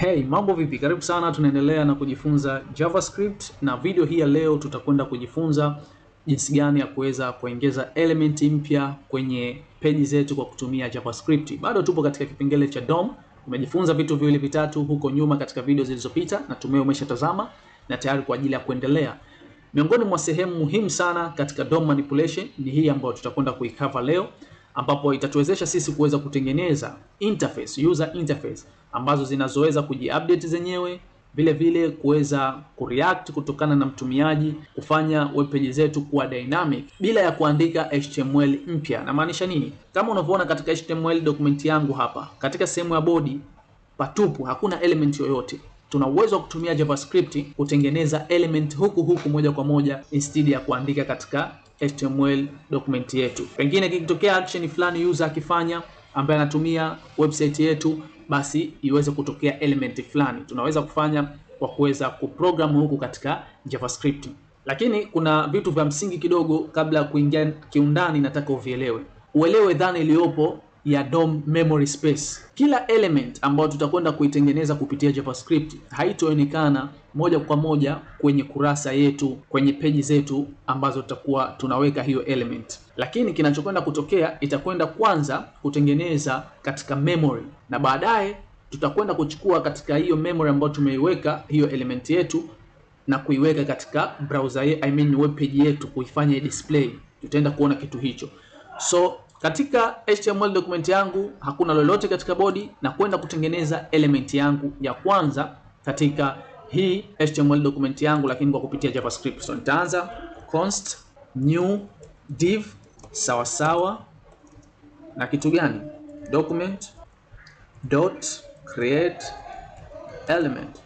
Hey, mambo vipi? Karibu sana, tunaendelea na kujifunza JavaScript na video hii ya leo tutakwenda kujifunza jinsi gani ya kuweza kuongeza element mpya kwenye peji zetu kwa kutumia JavaScript. Bado tupo katika kipengele cha DOM. Tumejifunza vitu viwili vitatu huko nyuma katika video zilizopita, na tumeo umeshatazama na tayari kwa ajili ya kuendelea. Miongoni mwa sehemu muhimu sana katika DOM manipulation ni hii ambayo tutakwenda kuikava leo ambapo itatuwezesha sisi kuweza kutengeneza interface, user interface ambazo zinazoweza kujiupdate zenyewe vile vile kuweza kureact kutokana na mtumiaji, kufanya web zetu kuwa dynamic bila ya kuandika HTML mpya. Namaanisha nini? Kama unavyoona katika HTML document yangu hapa, katika sehemu ya body patupu, hakuna element yoyote tuna uwezo wa kutumia JavaScript kutengeneza element huku huku moja kwa moja instead ya kuandika katika HTML document yetu. Pengine kikitokea action fulani user akifanya ambaye anatumia website yetu, basi iweze kutokea element fulani. Tunaweza kufanya kwa kuweza kuprogram huku katika JavaScript, lakini kuna vitu vya msingi kidogo, kabla ya kuingia kiundani, nataka uvielewe, uelewe dhana iliyopo ya DOM memory space. Kila element ambayo tutakwenda kuitengeneza kupitia JavaScript haitoonekana moja kwa moja kwenye kurasa yetu, kwenye peji zetu ambazo tutakuwa tunaweka hiyo element, lakini kinachokwenda kutokea itakwenda kwanza kutengeneza katika memory na baadaye tutakwenda kuchukua katika hiyo memory ambayo tumeiweka hiyo element yetu na kuiweka katika browser yetu, I mean web page yetu, kuifanya display. Tutaenda kuona kitu hicho so katika HTML document yangu hakuna lolote katika body, na kwenda kutengeneza element yangu ya kwanza katika hii HTML document yangu, lakini kwa kupitia JavaScript. So nitaanza const new div sawa sawa na kitu gani? document dot create element,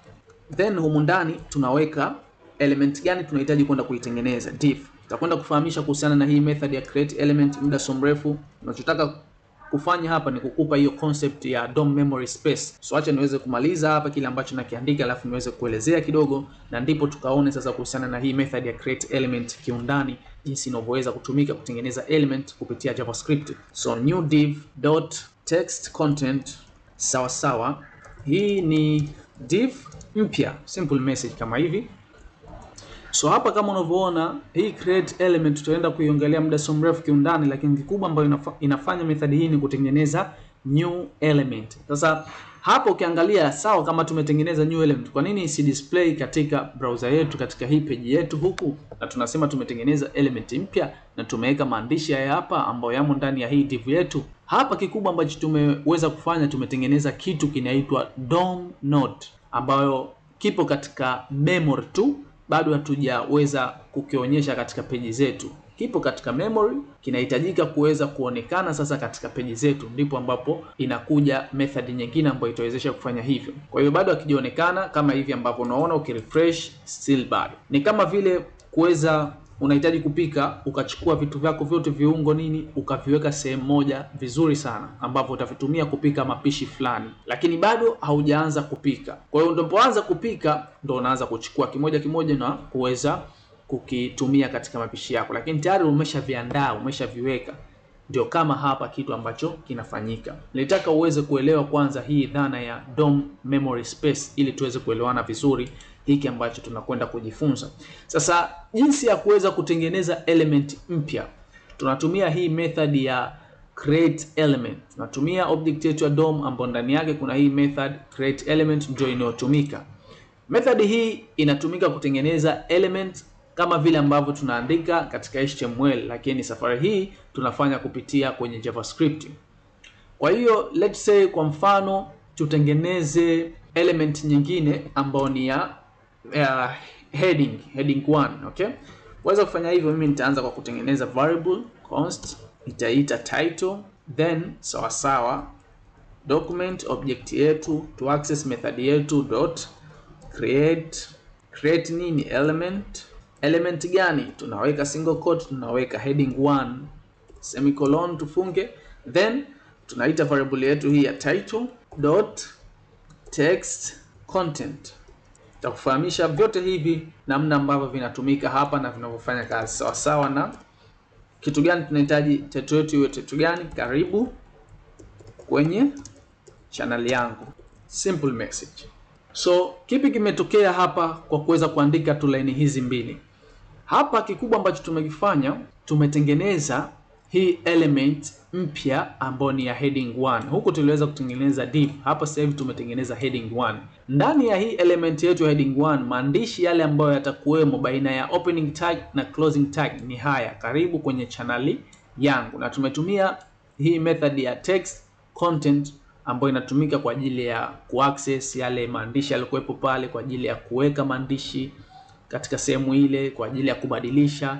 then humu ndani tunaweka element gani tunahitaji kwenda kuitengeneza div Takwenda kufahamisha kuhusiana na hii method ya create element muda so mrefu. unachotaka kufanya hapa ni kukupa hiyo concept ya DOM memory space. So acha niweze kumaliza hapa kile ambacho nakiandika, alafu niweze kuelezea kidogo, na ndipo tukaone sasa kuhusiana na hii method ya create element kiundani, jinsi inavyoweza kutumika kutengeneza element kupitia JavaScript. So new div dot text content sawa sawa, hii ni div mpya, simple message kama hivi So hapa kama unavyoona hii create element tutaenda kuiongelea muda so mrefu kiundani, lakini kikubwa ambayo inafanya method hii ni kutengeneza new element. Sasa hapo ukiangalia sawa kama tumetengeneza new element, kwa nini si display katika browser yetu katika hii page yetu huku? Na tunasema tumetengeneza element mpya na tumeweka maandishi haya hapa ambayo yamo ndani ya hii div yetu. Hapa kikubwa ambacho tumeweza kufanya tumetengeneza kitu kinaitwa DOM node ambayo kipo katika memory tu bado hatujaweza kukionyesha katika peji zetu. Kipo katika memory, kinahitajika kuweza kuonekana sasa katika peji zetu, ndipo ambapo inakuja method nyingine ambayo itawezesha kufanya hivyo. Kwa hiyo bado hakijaonekana kama hivi ambavyo unaona ukirefresh, still bado ni kama vile kuweza unahitaji kupika, ukachukua vitu vyako vyote viungo nini, ukaviweka sehemu moja vizuri sana, ambapo utavitumia kupika mapishi fulani, lakini bado haujaanza kupika. Kwa hiyo unapoanza kupika, ndo unaanza kuchukua kimoja kimoja na kuweza kukitumia katika mapishi yako, lakini tayari umeshaviandaa, umeshaviweka. Ndio kama hapa kitu ambacho kinafanyika. Nilitaka uweze kuelewa kwanza hii dhana ya DOM memory space ili tuweze kuelewana vizuri hiki ambacho tunakwenda kujifunza. Sasa jinsi ya kuweza kutengeneza element mpya, tunatumia hii method ya create element. Tunatumia object yetu ya DOM ambayo ndani yake kuna hii method create element ndio inayotumika. Method hii inatumika kutengeneza element kama vile ambavyo tunaandika katika HTML, lakini safari hii tunafanya kupitia kwenye JavaScript. Kwa hiyo let's say, kwa mfano tutengeneze element nyingine ambayo ni ya uh, heading heading 1 okay. Waweza kufanya hivyo. Mimi nitaanza kwa kutengeneza variable const, nitaita title then sawa sawa document object yetu to access method yetu dot create create nini element element gani? Tunaweka single quote, tunaweka heading 1 semicolon tufunge, then tunaita variable yetu hii ya title dot text content Nitakufahamisha vyote hivi namna ambavyo vinatumika hapa na vinavyofanya kazi sawasawa na kitu gani tunahitaji tetu yetu iwe tetu gani. Karibu kwenye chaneli yangu Simple Message. So kipi kimetokea hapa kwa kuweza kuandika tu laini hizi mbili hapa? Kikubwa ambacho tumekifanya tumetengeneza hii element mpya ambayo ni ya heading 1. Huku tuliweza kutengeneza div, hapa sasa hivi tumetengeneza heading 1. Ndani ya hii element yetu ya heading 1, maandishi yale ambayo yatakuwemo baina ya opening tag na closing tag ni haya, karibu kwenye chaneli yangu, na tumetumia hii method ya text content ambayo inatumika kwa ajili ya kuaccess yale maandishi yalikuwepo pale, kwa ajili ya kuweka maandishi katika sehemu ile, kwa ajili ya kubadilisha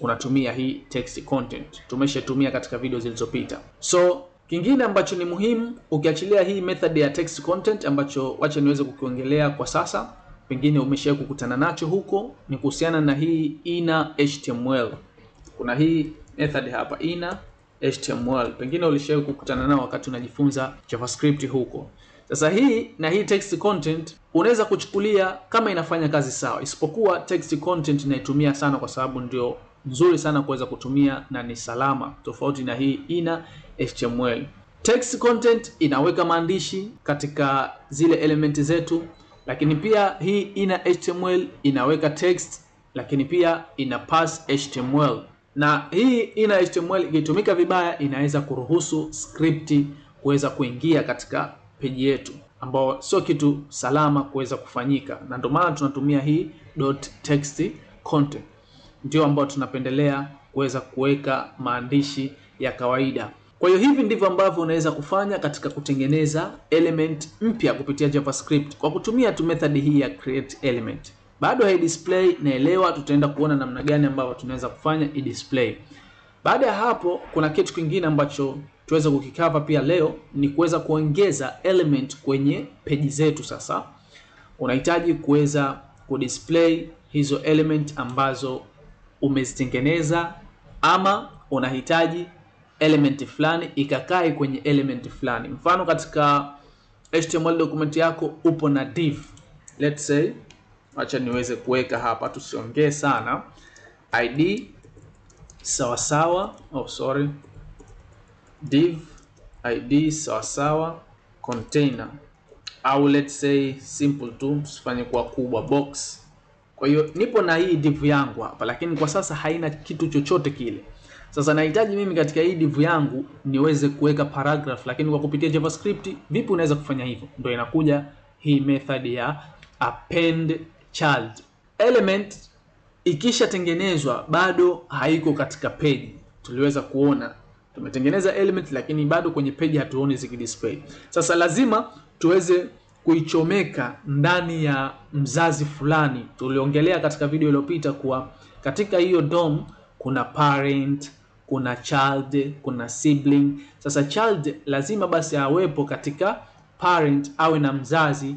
unatumia hii text content, tumeshatumia katika video zilizopita. So kingine ambacho ni muhimu ukiachilia hii method ya text content, ambacho wacha niweze kukiongelea kwa sasa, pengine umeshawahi kukutana nacho huko, ni kuhusiana na hii inner HTML. Kuna hii method hapa inner HTML, pengine ulishawahi kukutana nao wakati unajifunza JavaScript huko. Sasa hii na hii text content unaweza kuchukulia kama inafanya kazi sawa, isipokuwa text content inaitumia sana, kwa sababu ndio nzuri sana kuweza kutumia na ni salama, tofauti na hii ina HTML. Text content inaweka maandishi katika zile elementi zetu, lakini pia hii ina HTML inaweka text, lakini pia ina pass HTML, na hii ina HTML ikitumika vibaya inaweza kuruhusu skripti kuweza kuingia katika peji yetu, ambao sio kitu salama kuweza kufanyika, na ndio maana tunatumia hii dot text content ndio ambao tunapendelea kuweza kuweka maandishi ya kawaida. Kwa hiyo hivi ndivyo ambavyo unaweza kufanya katika kutengeneza element mpya kupitia JavaScript kwa kutumia tu method hii ya create element. Bado display, naelewa, tutaenda kuona namna gani ambavyo tunaweza kufanya display. Baada ya hapo, kuna kitu kingine ambacho tuweza kukikava pia leo ni kuweza kuongeza element kwenye peji zetu. Sasa unahitaji kuweza kudisplay hizo element ambazo umezitengeneza ama unahitaji element fulani ikakae kwenye element fulani. Mfano, katika HTML document yako upo na div. Let's say, acha niweze kuweka hapa, tusiongee sana. id sawa, oh sorry, div id sawasawa container, au let's say simple tu, tusifanye kwa kubwa box kwa hiyo nipo na hii divu yangu hapa, lakini kwa sasa haina kitu chochote kile. Sasa nahitaji mimi katika hii divu yangu niweze kuweka paragraph, lakini kwa kupitia JavaScript vipi unaweza kufanya hivyo? Ndio inakuja hii method ya append child element. Ikishatengenezwa bado haiko katika page, tuliweza kuona tumetengeneza element, lakini bado kwenye page hatuoni zikidisplay. Sasa lazima tuweze kuichomeka ndani ya mzazi fulani. Tuliongelea katika video iliyopita kuwa katika hiyo DOM kuna parent, kuna child, kuna sibling. Sasa child lazima basi awepo katika parent, awe na mzazi,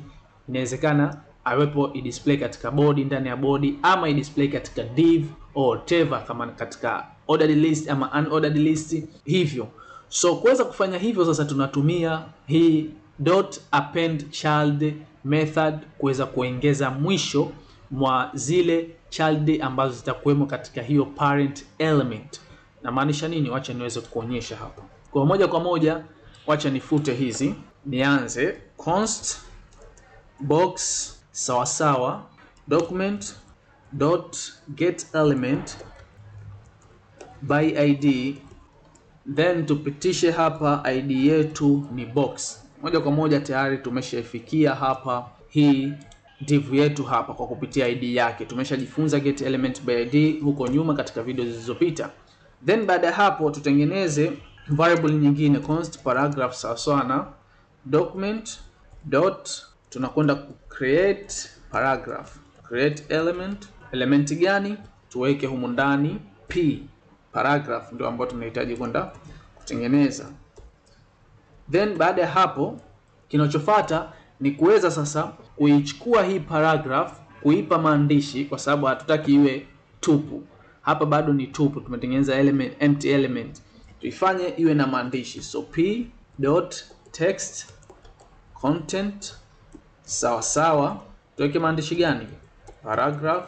inawezekana awepo i-display katika body, ndani ya body, ama i-display katika div or whatever, kama katika ordered list ama unordered list hivyo. So kuweza kufanya hivyo, sasa tunatumia hii dot append child method kuweza kuongeza mwisho mwa zile child ambazo zitakuwemo katika hiyo parent element. Namaanisha nini? Wacha niweze kuonyesha hapa kwa moja kwa moja. Wacha nifute hizi, nianze const box sawasawa document dot get element by id, then tupitishe hapa id yetu ni box moja kwa moja tayari tumeshaifikia hapa hii div yetu hapa kwa kupitia id yake. Tumeshajifunza get element by id huko nyuma katika video zilizopita. Then baada ya hapo tutengeneze variable nyingine const paragraph sawa sawa na document dot, tunakwenda ku create paragraph, create element. Element gani? Tuweke humu ndani p paragraph, ndio ambayo tunahitaji kwenda kutengeneza. Then baada ya hapo kinachofata ni kuweza sasa kuichukua hii paragraph kuipa maandishi, kwa sababu hatutaki iwe tupu. Hapa bado ni tupu, tumetengeneza element, empty element. Tuifanye iwe na maandishi, so p dot text content sawa sawa. Tuweke maandishi gani? Paragraph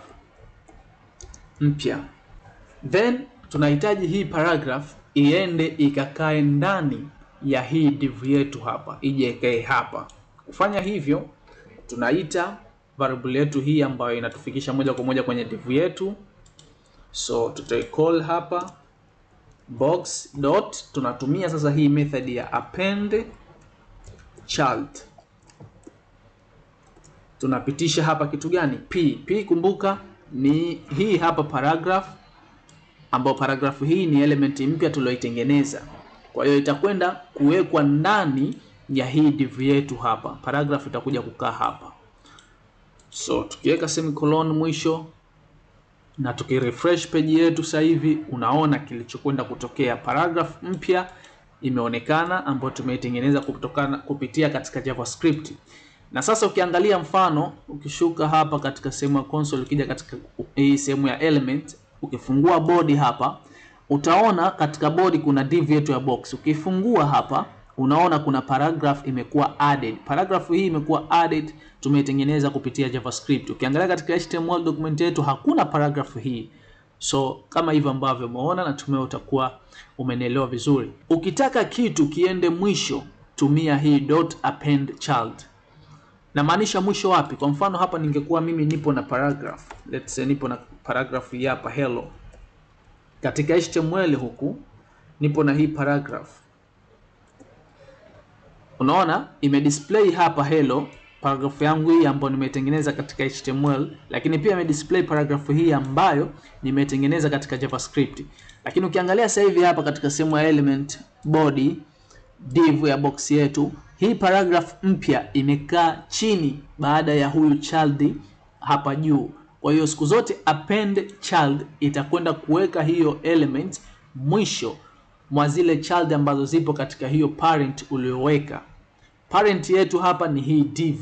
mpya. Then tunahitaji hii paragraph iende ikakae ndani ya hii div yetu hapa ije ikae hapa. Kufanya hivyo, tunaita variable yetu hii ambayo inatufikisha moja kwa moja kwenye div yetu, so tutai call hapa box dot. Tunatumia sasa hii method ya append child. Tunapitisha hapa kitu gani? P. P kumbuka ni hii hapa paragraph, ambayo paragraph hii ni element mpya tulioitengeneza. Kwa hiyo itakwenda kuwekwa ndani ya hii div yetu hapa, paragraph itakuja kukaa hapa. So tukiweka semicolon mwisho na tukirefresh page yetu sasa hivi, unaona kilichokwenda kutokea, paragraph mpya imeonekana ambayo tumeitengeneza kutokana kupitia katika JavaScript. Na sasa ukiangalia mfano, ukishuka hapa katika sehemu ya console, ukija katika hii sehemu ya element, ukifungua body hapa utaona katika bodi kuna div yetu ya box. Ukifungua hapa unaona kuna paragraph imekuwa added. Paragraph hii imekuwa added, tumeitengeneza kupitia JavaScript. Ukiangalia katika HTML document yetu hakuna paragraph hii. So kama hivyo ambavyo umeona, natumai utakuwa umenielewa vizuri. Ukitaka kitu kiende mwisho, tumia hii dot append child. Na maanisha mwisho wapi? Kwa mfano hapa ningekuwa mimi nipo na paragraph. Let's say nipo na paragraph hii hapa hello. Katika HTML huku nipo na hii paragraph, unaona ime display hapa hello paragraph yangu hii ambayo nimetengeneza katika HTML, lakini pia ime display paragraph hii ambayo nimetengeneza katika JavaScript. Lakini ukiangalia sasa hivi hapa katika sehemu ya element body div ya box yetu hii paragraph mpya imekaa chini baada ya huyu child hapa juu. Kwa hiyo siku zote append child itakwenda kuweka hiyo element mwisho mwa zile child ambazo zipo katika hiyo parent uliyoweka. Parent yetu hapa ni hii div.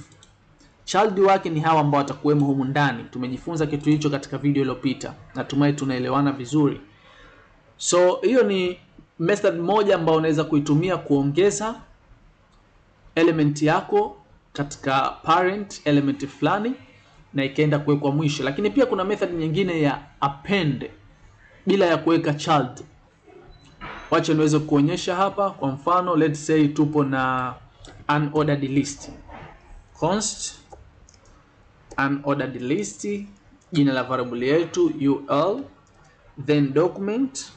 Child wake ni hawa ambao watakuwemo humu ndani. Tumejifunza kitu hicho katika video iliyopita. Natumai tunaelewana vizuri. So hiyo ni method moja ambayo unaweza kuitumia kuongeza element yako katika parent element fulani na ikaenda kuwekwa mwisho. Lakini pia kuna method nyingine ya append bila ya kuweka child. Wacha niweze kuonyesha hapa. Kwa mfano, let's say tupo na unordered list, const unordered list, jina la variable yetu ul, then document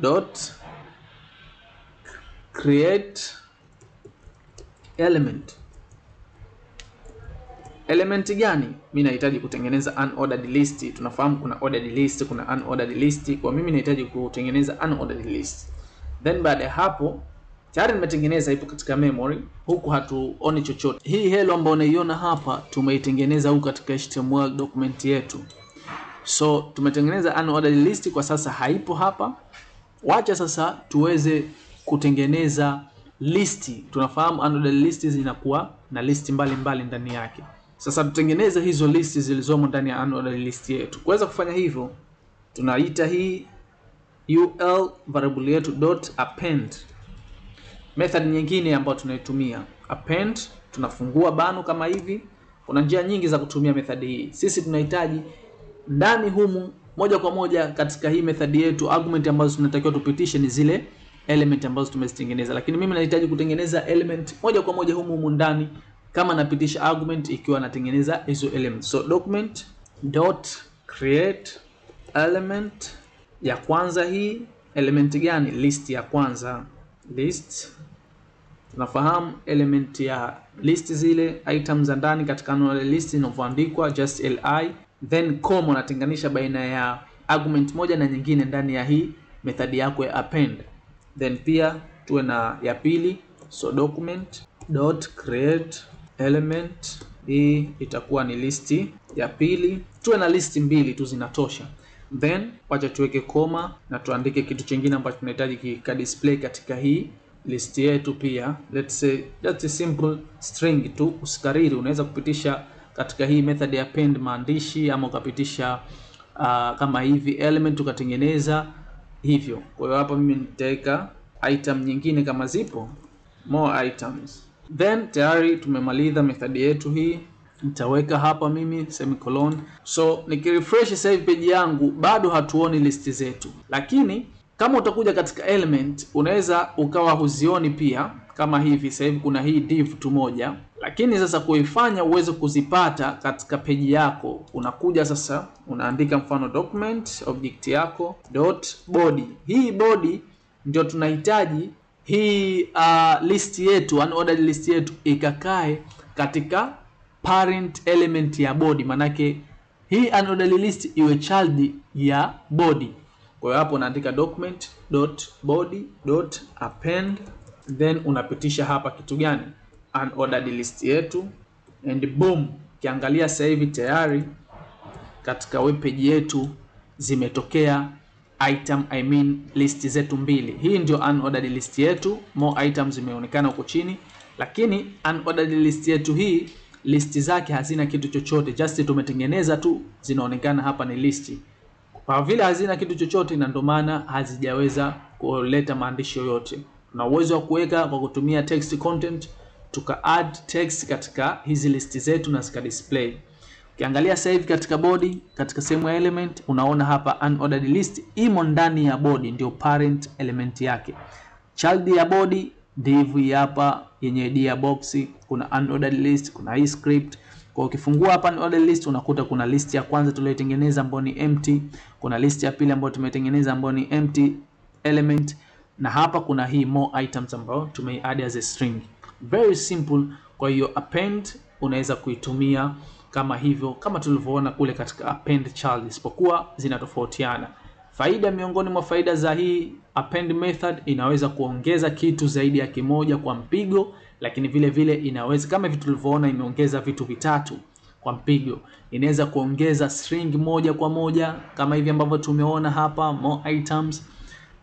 dot create element element gani mimi nahitaji kutengeneza unordered list. Tunafahamu kuna ordered list, kuna unordered list. Kwa mimi nahitaji kutengeneza unordered list, then baada ya hapo tayari nimetengeneza, ipo katika memory, huku hatuoni chochote. Hii hello ambayo unaiona hapa tumeitengeneza huku katika HTML document yetu, so tumetengeneza unordered list, kwa sasa haipo hapa. Wacha sasa tuweze kutengeneza listi. Tunafahamu unordered list zinakuwa na listi mbalimbali ndani yake. Sasa tutengeneze hizo listi zilizomo ndani ya annual list yetu. Kuweza kufanya hivyo, tunaita hii ul variable yetu dot append. Method nyingine ambayo tunaitumia append, tunafungua bano kama hivi. Kuna njia nyingi za kutumia method hii. Sisi tunahitaji ndani humu moja kwa moja katika hii method yetu, argument ambazo tunatakiwa tupitishe ni zile element ambazo tumezitengeneza, lakini mimi nahitaji kutengeneza element moja kwa moja humu humu ndani kama napitisha argument ikiwa natengeneza hizo element. So document dot create element ya kwanza. Hii element gani? List ya kwanza, list tunafahamu element ya list zile items za ndani katika nole list inavyoandikwa just li, then comma unatenganisha baina ya argument moja na nyingine ndani ya hii method yako ya append. Then pia tuwe na ya pili, so document dot create element hii itakuwa ni listi ya pili. Tuwe na listi mbili tu zinatosha, then wacha tuweke koma na tuandike kitu kingine ambacho tunahitaji kika display katika hii listi yetu pia. Let's say just a simple string tu, usikariri. Unaweza kupitisha katika hii method ya append maandishi ama ukapitisha uh, kama hivi element ukatengeneza hivyo. Kwa hiyo hapa mimi nitaweka item nyingine kama zipo more items Then tayari tumemaliza methodi yetu hii, nitaweka hapa mimi semicolon. So nikirefresh sasa hivi page yangu bado hatuoni listi zetu, lakini kama utakuja katika element unaweza ukawa huzioni pia kama hivi. Sasa hivi kuna hii div tu moja, lakini sasa kuifanya uweze kuzipata katika peji yako, unakuja sasa unaandika mfano document object yako dot body. Hii body ndio tunahitaji hii uh, list yetu unordered list yetu ikakae katika parent element ya body, manake hii unordered list iwe child ya body. Kwa hiyo hapo unaandika document.body.append, then unapitisha hapa kitu gani? Unordered list yetu, and boom, ukiangalia sasa hivi tayari katika web page yetu zimetokea item I mean list zetu mbili. Hii ndio unordered list yetu, more items imeonekana huko chini, lakini unordered list yetu hii list zake hazina kitu chochote, just tumetengeneza tu, zinaonekana hapa ni listi. Kwa vile hazina kitu chochote, na ndio maana hazijaweza kuleta maandishi yoyote. Tuna uwezo wa kuweka kwa kutumia text content, tuka add text katika hizi listi zetu na zika display. Ukiangalia sasa hivi katika body, katika sehemu ya element unaona hapa unordered list imo ndani ya body, ndio parent element yake. Child ya body div hapa yenye ID ya box, kuna unordered list, kuna hii script. Kwa ukifungua hapa unordered list unakuta kuna list ya kwanza tuliyotengeneza ambayo ni empty, kuna list ya pili ambayo tumetengeneza ambayo ni empty element na hapa kuna hii more items ambayo tumeiadd as a string. Very simple. Kwa hiyo append unaweza kuitumia kama hivyo, kama tulivyoona kule katika append child, isipokuwa zinatofautiana. Faida, miongoni mwa faida za hii append method, inaweza kuongeza kitu zaidi ya kimoja kwa mpigo, lakini vile vile inaweza kama hivi tulivyoona, imeongeza vitu vitatu kwa mpigo. Inaweza kuongeza string moja kwa moja kama hivi ambavyo tumeona hapa, more items.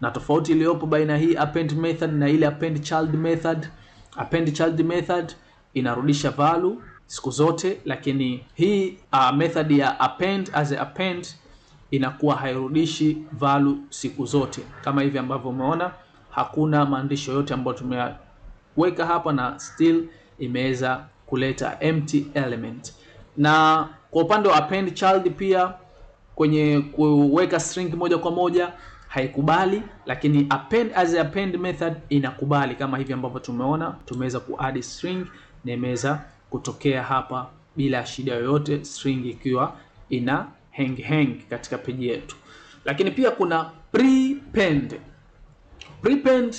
Na tofauti iliyopo baina hii append method na ile append child method, append child method inarudisha value siku zote, lakini hii uh, method ya append as a append inakuwa hairudishi value siku zote, kama hivi ambavyo umeona hakuna maandishi yote ambayo tumeweka hapa na still imeweza kuleta empty element. Na kwa upande wa append child pia kwenye kuweka string moja kwa moja haikubali, lakini append as append method inakubali, kama hivi ambavyo tumeona tumeweza kuadd string na imeweza kutokea hapa bila shida yoyote, string ikiwa ina hang hang katika peji yetu. Lakini pia kuna prepend. Prepend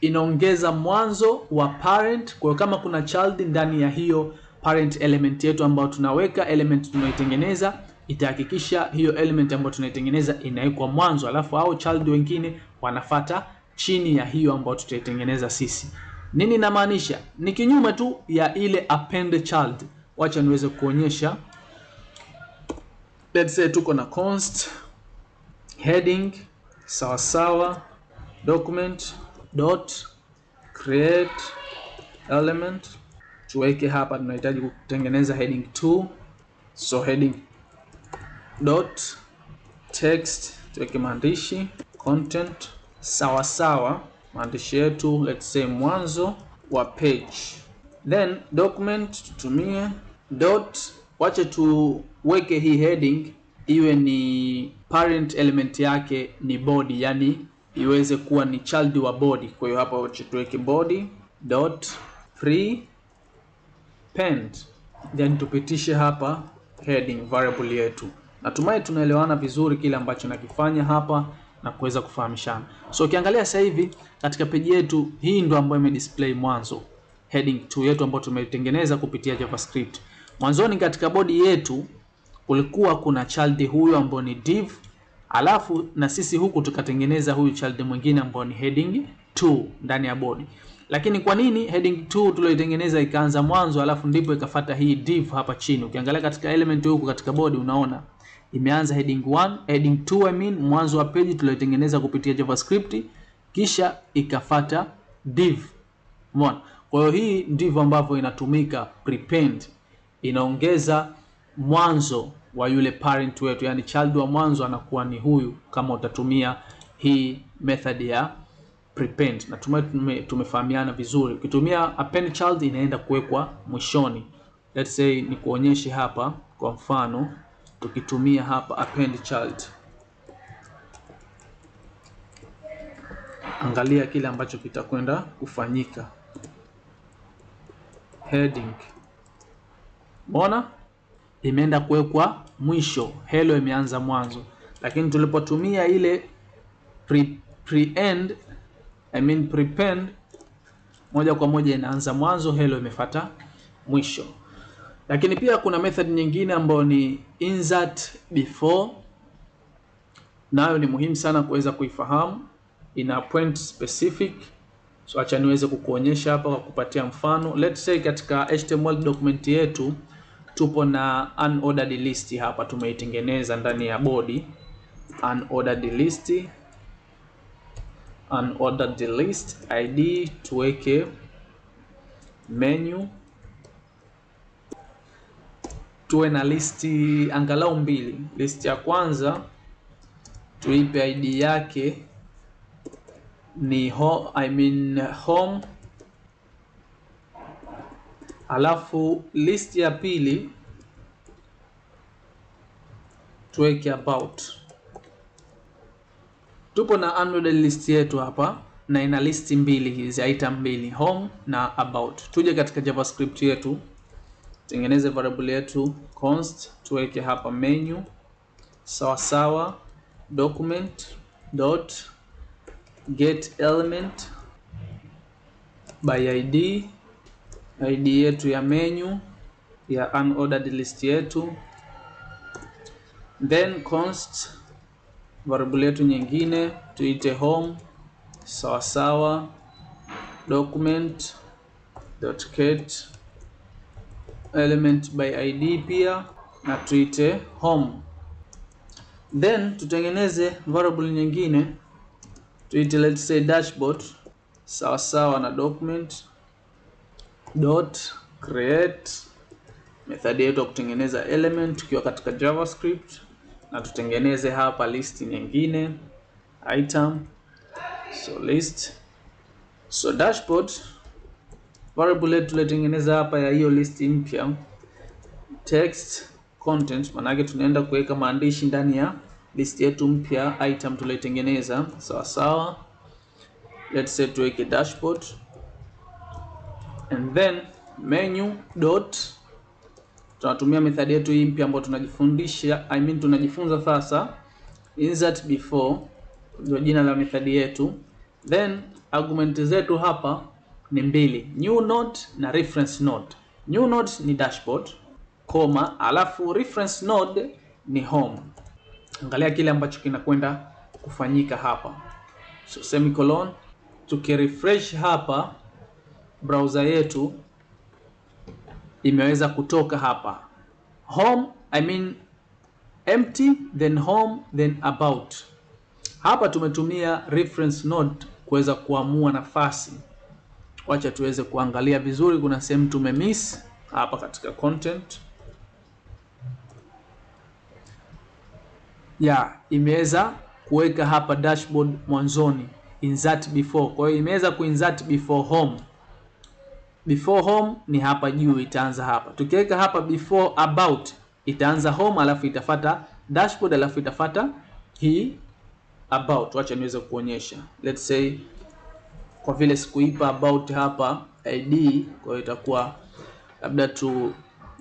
inaongeza mwanzo wa parent, kwa kama kuna child ndani ya hiyo parent element yetu ambayo tunaweka element tunaitengeneza itahakikisha hiyo element ambayo tunaitengeneza inawekwa mwanzo, alafu hao child wengine wanafata chini ya hiyo ambayo tutaitengeneza sisi. Nini namaanisha? Ni kinyume tu ya ile append child. Wacha niweze kuonyesha. Let's say tuko na const heading sawa sawa document dot create element. Tuweke hapa, tunahitaji kutengeneza heading 2, so heading dot text tuweke maandishi content sawa sawa maandishi yetu let's say mwanzo wa page, then document tutumie dot, wache tuweke hii heading iwe ni parent element yake ni body, yani iweze kuwa ni child wa body. Kwa hiyo hapa wache tuweke body dot prepend, then tupitishe hapa heading variable yetu. Natumai tunaelewana vizuri kile ambacho nakifanya hapa na kuweza kufahamishana. So ukiangalia sasa hivi katika peji yetu hii ndio ambayo imedisplay mwanzo heading 2 yetu ambayo tumeitengeneza kupitia JavaScript. Mwanzoni katika body yetu kulikuwa kuna child huyu ambayo ni div, alafu na sisi huku tukatengeneza huyu child mwingine ambayo ni heading 2 ndani ya body. Lakini kwa nini heading 2 tuliyotengeneza ikaanza mwanzo alafu ndipo ikafata hii div hapa chini? Ukiangalia katika element huku katika body unaona imeanza heading 1, heading 2 I mean, mwanzo wa page tuliyotengeneza kupitia JavaScript, kisha ikafata div. Umeona? Kwa hiyo hii ndivyo ambavyo inatumika prepend, inaongeza mwanzo wa yule parent wetu, yani child wa mwanzo anakuwa ni huyu, kama utatumia hii method ya prepend. Natumai tume, tumefahamiana vizuri. Ukitumia append child inaenda kuwekwa mwishoni. Let's say ni kuonyeshe hapa kwa mfano tukitumia hapa append child. Angalia kile ambacho kitakwenda kufanyika heading. Umeona imeenda kuwekwa mwisho, hello imeanza mwanzo, lakini tulipotumia ile pre, pre end, I mean prepend, moja kwa moja inaanza mwanzo, hello imefata mwisho. Lakini pia kuna method nyingine ambayo ni insert before, nayo ni muhimu sana kuweza kuifahamu, ina point specific. So acha niweze kukuonyesha hapa kwa kupatia mfano. Let's say katika HTML document yetu tupo na unordered list hapa, tumeitengeneza ndani ya body unordered list, unordered list id tuweke menu tuwe na listi angalau mbili. Listi ya kwanza tuipe id yake ni ho, I mean home, alafu listi ya pili tuweke about. Tupo na Android list yetu hapa na ina listi mbili hizi item mbili home na about. Tuje katika JavaScript yetu tengeneze variable yetu const, tuweke hapa menu sawa document dot get element by id, id yetu ya menu ya unordered list yetu, then const variable yetu nyingine tuite home sawa document dot get element by id pia na tuite home, then tutengeneze variable nyingine tuite let's say dashboard sawa sawa na document dot create method yetu ya kutengeneza element tukiwa katika JavaScript, na tutengeneze hapa list nyingine item so list so dashboard variable yetu tulitengeneza hapa ya hiyo list mpya text content, maanake tunaenda kuweka maandishi ndani ya list yetu mpya item tulitengeneza. Sawa sawa, let's say tuweke dashboard and then menu dot tunatumia method yetu hii mpya ambayo tunajifundisha I mean tunajifunza sasa. Insert before ndio jina la method yetu, then argument zetu hapa ni mbili, new node na reference node. New node ni dashboard koma, alafu reference node ni home. Angalia kile ambacho kinakwenda kufanyika hapa, so semicolon. Tukirefresh hapa browser yetu imeweza kutoka hapa home, I mean empty then home then about. Hapa tumetumia reference node kuweza kuamua nafasi wacha tuweze kuangalia vizuri, kuna sehemu tumemiss hapa katika content ya imeweza kuweka hapa dashboard mwanzoni insert before. Kwa hiyo imeweza kuinsert before home. Before home ni hapa juu, itaanza hapa. Tukiweka hapa before about, itaanza home, alafu itafata dashboard, alafu itafata hii about. Wacha niweze kuonyesha, let's say kwa vile sikuipa about hapa ID, kwa hiyo itakuwa labda tu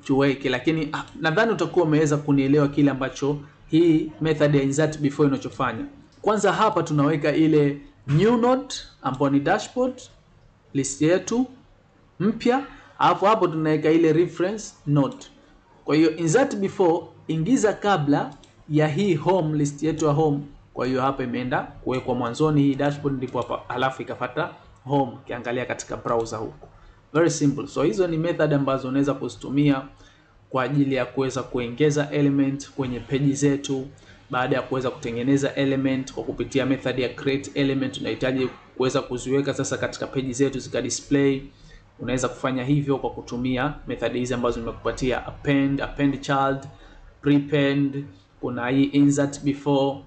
tuweke, lakini ah, nadhani utakuwa umeweza kunielewa kile ambacho hii method ya insert before inachofanya. Kwanza hapa tunaweka ile new node ambayo ni dashboard list yetu mpya, alafu hapo tunaweka ile reference node. Kwa hiyo insert before, ingiza kabla ya hii home list yetu ya home kwa hiyo hapa imeenda kuwekwa mwanzoni hii dashboard, ndipo hapa halafu ikafuata home. kiangalia katika browser huko, very simple. So hizo ni method ambazo unaweza kuzitumia kwa ajili ya kuweza kuongeza element kwenye peji zetu. Baada ya kuweza kutengeneza element kwa kupitia method ya create element, unahitaji kuweza kuziweka sasa katika peji zetu zika display. Unaweza kufanya hivyo kwa kutumia method hizi ambazo nimekupatia: append, append child, prepend, kuna hii insert before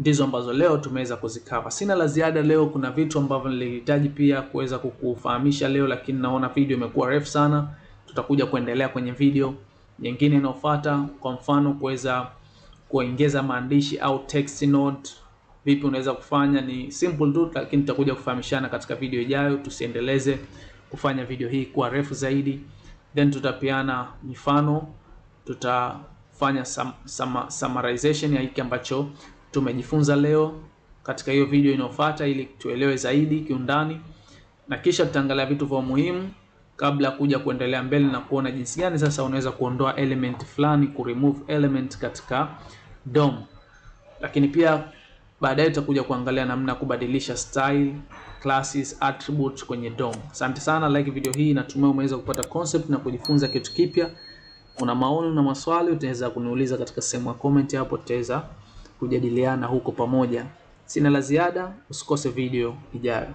ndizo ambazo leo tumeweza kuzikava. Sina la ziada leo, kuna vitu ambavyo nilihitaji pia kuweza kukufahamisha leo, lakini naona video imekuwa refu sana. Tutakuja kuendelea kwenye video nyingine inayofuata, kwa mfano kuweza kuongeza maandishi au text note. Vipi unaweza kufanya, ni simple tu, lakini tutakuja kufahamishana katika video ijayo. Tusiendeleze kufanya video hii kuwa refu zaidi, then tutapeana mifano, tutafanya sum, sum, summarization ya hiki ambacho tumejifunza leo katika hiyo video inayofuata, ili tuelewe zaidi kiundani, na kisha tutaangalia vitu vya muhimu kabla kuja kuendelea mbele na kuona jinsi gani sasa unaweza kuondoa element fulani, ku remove element katika DOM. Lakini pia baadaye tutakuja kuangalia namna ya kubadilisha style, classes, attributes kwenye DOM. Asante sana, like video hii. Natumai umeweza kupata concept na kujifunza kitu kipya. Una maoni na maswali, utaweza kuniuliza katika sehemu ya comment hapo, tutaweza kujadiliana huko pamoja. Sina la ziada, usikose video ijayo.